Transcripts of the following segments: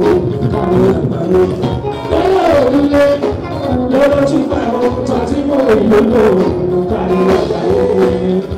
Thank you.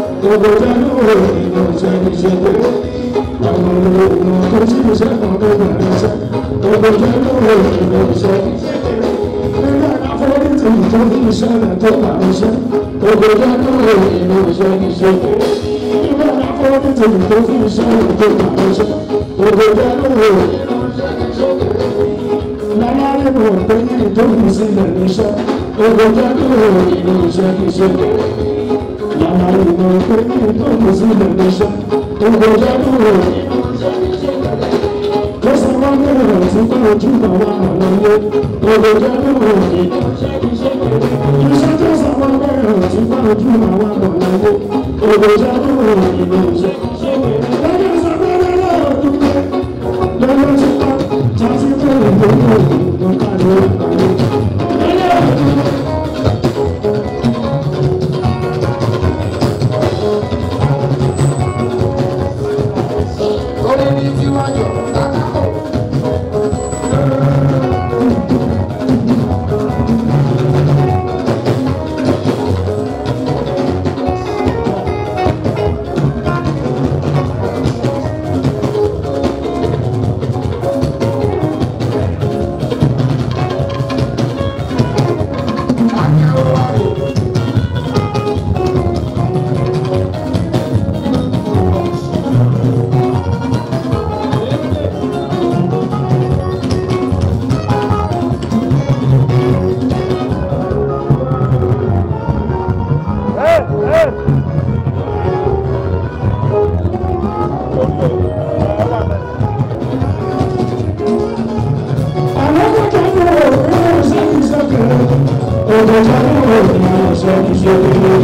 我不驾到耶，我哥驾到耶，哥哥驾到耶，哥哥驾到耶，哥哥驾到耶，哥哥驾到耶，哥哥驾到耶，哥哥驾在乎哥哥驾到耶，哥哥驾到耶，哥哥驾你，耶，哥哥驾到在哥哥驾到耶，哥哥驾到耶，哥哥在乎耶，哥哥驾到耶，哥哥驾到耶，哥哥驾到耶，哥哥你，到耶，哥哥驾到耶，哥哥驾到耶，哥哥驾到 Màmá ìlú pé kí n tó kò sí ìdẹ̀dẹ̀ ṣe, gbogbo ọjọ́ tó rẹ̀. Ó sọ wá ní ọ̀rọ̀ tí kò ojú bàbá àwọn ilé, gbogbo ọjọ́ tó rẹ̀. Iṣẹ́ tó sọ wá ní ọ̀rọ̀ tí kò ojú bàbá àwọn ilé, gbogbo ọjọ́ tó rẹ̀. Thank you.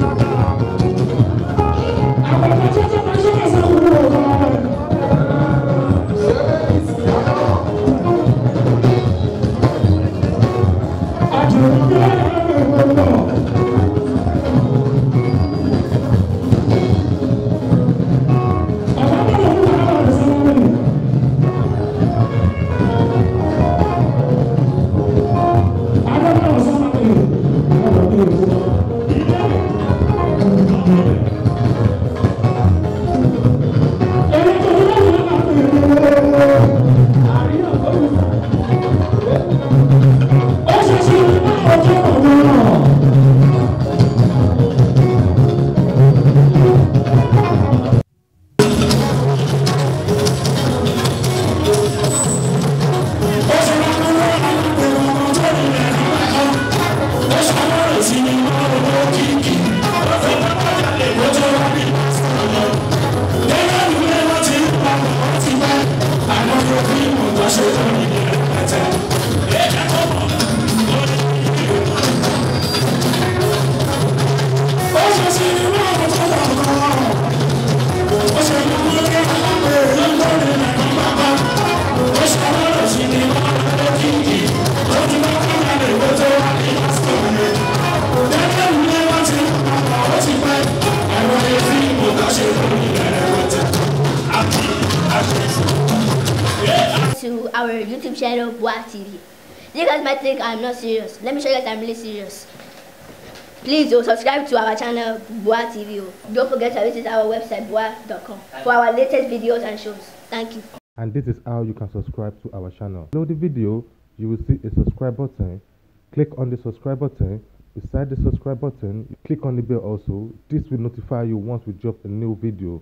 Thank you. YouTube channel Boa TV. You guys might think I'm not serious. Let me show you guys I'm really serious. Please oh, subscribe to our channel Boa TV. Oh. Don't forget to visit our website boa.com for our latest videos and shows. Thank you. And this is how you can subscribe to our channel. Below the video, you will see a subscribe button. Click on the subscribe button. Beside the subscribe button, click on the bell also. This will notify you once we drop a new video.